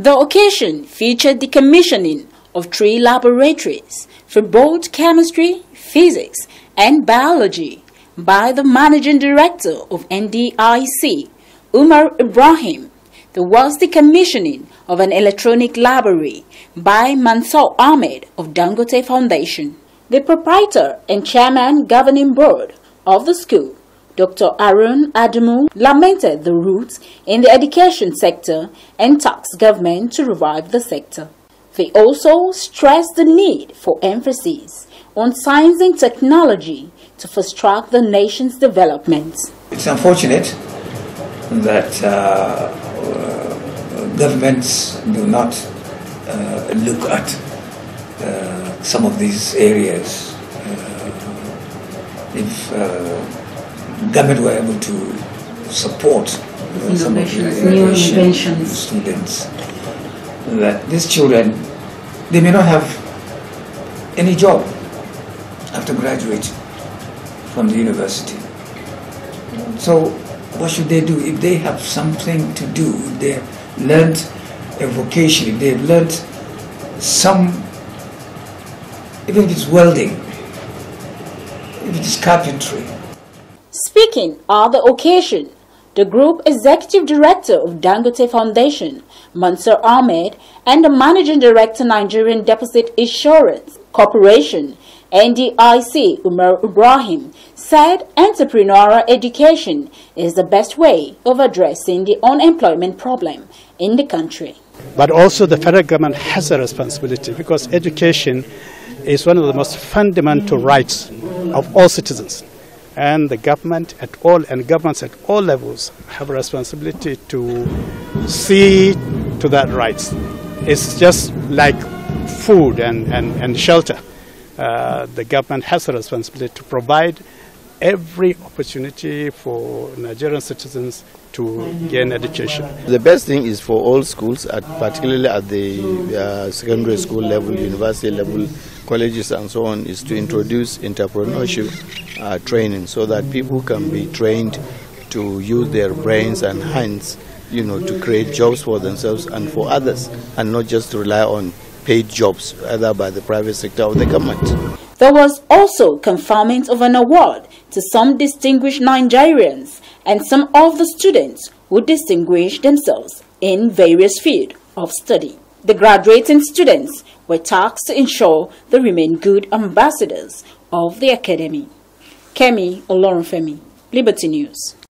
The occasion featured the commissioning of three laboratories for both chemistry, physics, and biology by the managing director of NDIC, Umar Ibrahim. There was the commissioning of an electronic library by Mansour Ahmed of Dangote Foundation. The proprietor and chairman governing board of the school Dr. Aaron Adamu lamented the roots in the education sector and tasked government to revive the sector. They also stressed the need for emphasis on science and technology to fast-track the nation's development. It's unfortunate that uh, uh, governments do not uh, look at uh, some of these areas. Uh, if uh, government were able to support you know, some of the new inventions. students. That these children, they may not have any job after graduating from the university. So what should they do if they have something to do? If they have learned a vocation, if they've learned some, even if it's welding, if it's carpentry, Speaking on the occasion, the Group Executive Director of Dangote Foundation, Mansur Ahmed, and the Managing Director Nigerian Deposit Insurance Corporation, NDIC, Umar Ibrahim, said entrepreneurial education is the best way of addressing the unemployment problem in the country. But also the federal government has a responsibility because education is one of the most fundamental rights of all citizens and the government at all and governments at all levels have a responsibility to see to that rights. It's just like food and, and, and shelter. Uh, the government has a responsibility to provide every opportunity for Nigerian citizens to gain education. The best thing is for all schools, at, particularly at the uh, secondary school level, university level, colleges and so on, is to introduce entrepreneurship uh, training so that people can be trained to use their brains and hands, you know, to create jobs for themselves and for others, and not just rely on paid jobs either by the private sector or the government. There was also conferment of an award to some distinguished Nigerians and some of the students who distinguished themselves in various fields of study. The graduating students were tasked to ensure they remain good ambassadors of the academy. Kemi Olorunfemi, Liberty News.